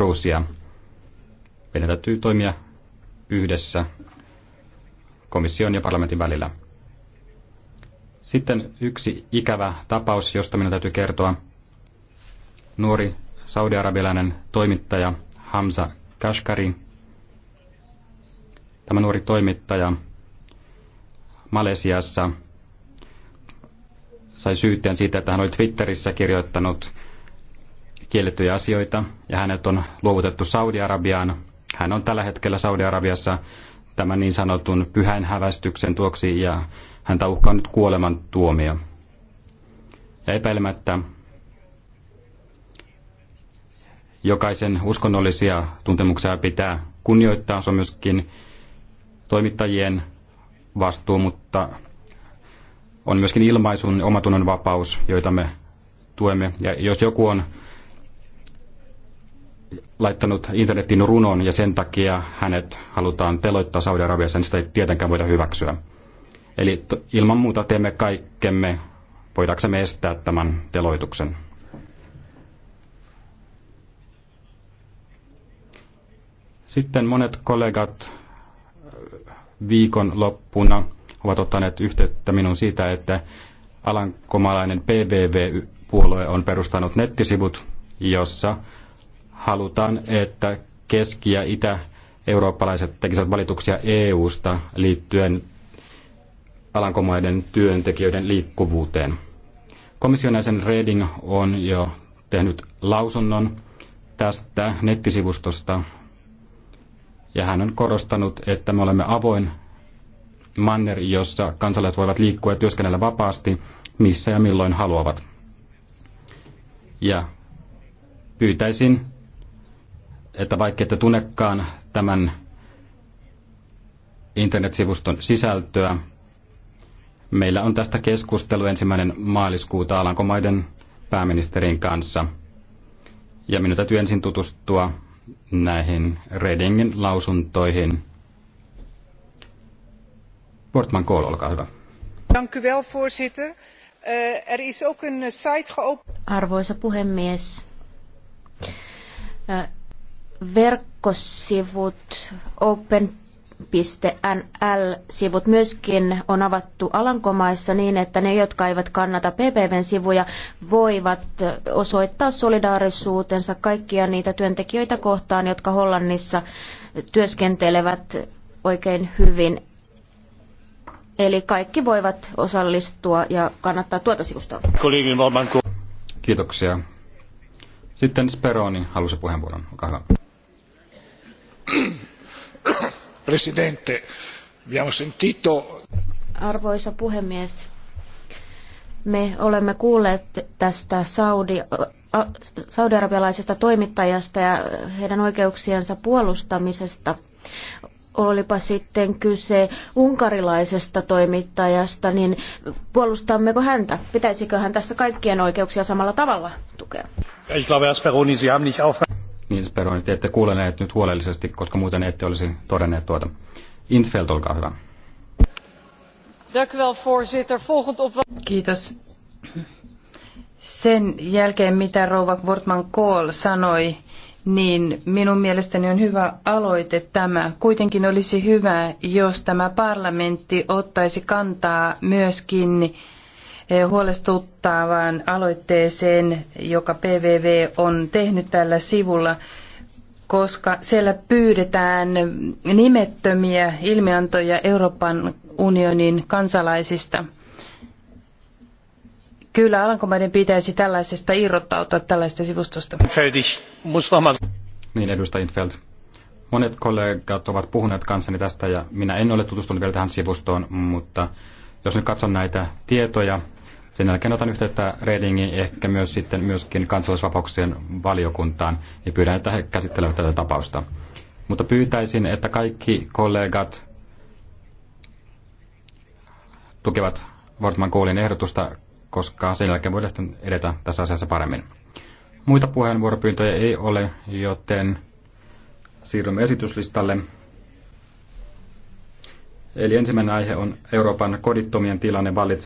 Cruzia. Meidän täytyy toimia yhdessä komission ja parlamentin välillä. Sitten yksi ikävä tapaus, josta minun täytyy kertoa. Nuori saudiarabialainen toimittaja Hamza Kashkari. Tämä nuori toimittaja Malesiassa sai syytteen siitä, että hän oli Twitterissä kirjoittanut kiellettyjä asioita ja hänet on luovutettu Saudi-Arabiaan. Hän on tällä hetkellä Saudi-Arabiassa tämän niin sanotun pyhän hävästyksen tuoksi ja häntä uhkaa nyt kuoleman tuomio. Ja epäilemättä jokaisen uskonnollisia tuntemuksia pitää kunnioittaa. Se on myöskin toimittajien vastuu, mutta on myöskin ilmaisun omatunnon vapaus, joita me tuemme. Ja jos joku on laittanut internetin runon ja sen takia hänet halutaan teloittaa Saudi-Arabiassa, niin sitä ei tietenkään voida hyväksyä. Eli ilman muuta teemme kaikkemme, voidaksemme estää tämän teloituksen. Sitten monet kollegat äh, viikon loppuna ovat ottaneet yhteyttä minun siitä, että alankomalainen PVV-puolue on perustanut nettisivut, jossa halutaan, että keski- ja itä-eurooppalaiset tekisivät valituksia EU-sta liittyen Alankomaiden työntekijöiden liikkuvuuteen. Komission jäsen Reding on jo tehnyt lausunnon tästä nettisivustosta ja hän on korostanut, että me olemme avoin manner, jossa kansalaiset voivat liikkua ja työskennellä vapaasti, missä ja milloin haluavat. Ja pyytäisin että vaikka ette tunnekaan tämän internetsivuston sisältöä, meillä on tästä keskustelu ensimmäinen maaliskuuta Alankomaiden pääministerin kanssa. Ja minun täytyy ensin tutustua näihin Redingin lausuntoihin. Portman Kool, olkaa hyvä. Dank u wel, voorzitter. Eh, er is ook een site geopend. Arvoisa puhemies. Eh, verkkosivut open.nl-sivut myöskin on avattu Alankomaissa niin, että ne, jotka eivät kannata PPVn sivuja, voivat osoittaa solidaarisuutensa kaikkia niitä työntekijöitä kohtaan, jotka Hollannissa työskentelevät oikein hyvin. Eli kaikki voivat osallistua ja kannattaa tuota sivustoa. Kiitoksia. Sitten Speroni halusi puheenvuoron. Olkaa hyvä. Presidente, abbiamo sentito... Arvoisa puhemies, me olemme kuulleet tästä Saudi, saudarabialaisesta toimittajasta ja heidän oikeuksiensa puolustamisesta. Olipa sitten kyse unkarilaisesta toimittajasta, niin puolustammeko häntä? Pitäisikö hän tässä kaikkien oikeuksia samalla tavalla tukea? Ich glaube, Speroni, Sie haben nicht auf niin speroin, että ette kuuleneet nyt huolellisesti, koska muuten ette olisi todenneet tuota. Intfeld, olkaa hyvä. Kiitos. Sen jälkeen, mitä rouva Wortman Kohl sanoi, niin minun mielestäni on hyvä aloite tämä. Kuitenkin olisi hyvä, jos tämä parlamentti ottaisi kantaa myöskin Eh, huolestuttavaan aloitteeseen, joka PVV on tehnyt tällä sivulla, koska siellä pyydetään nimettömiä ilmiantoja Euroopan unionin kansalaisista. Kyllä Alankomaiden pitäisi tällaisesta irrottautua tällaista sivustosta. Niin, edustaja Infeld. Monet kollegat ovat puhuneet kanssani tästä ja minä en ole tutustunut vielä tähän sivustoon, mutta jos nyt katson näitä tietoja, sen jälkeen otan yhteyttä Redingiin, ehkä myös sitten myöskin kansalaisvapauksien valiokuntaan, ja pyydän, että he käsittelevät tätä tapausta. Mutta pyytäisin, että kaikki kollegat tukevat Wortman Koolin ehdotusta, koska sen jälkeen voidaan sitten edetä tässä asiassa paremmin. Muita puheenvuoropyyntöjä ei ole, joten siirrymme esityslistalle. Eli ensimmäinen aihe on Euroopan kodittomien tilanne vallitsee.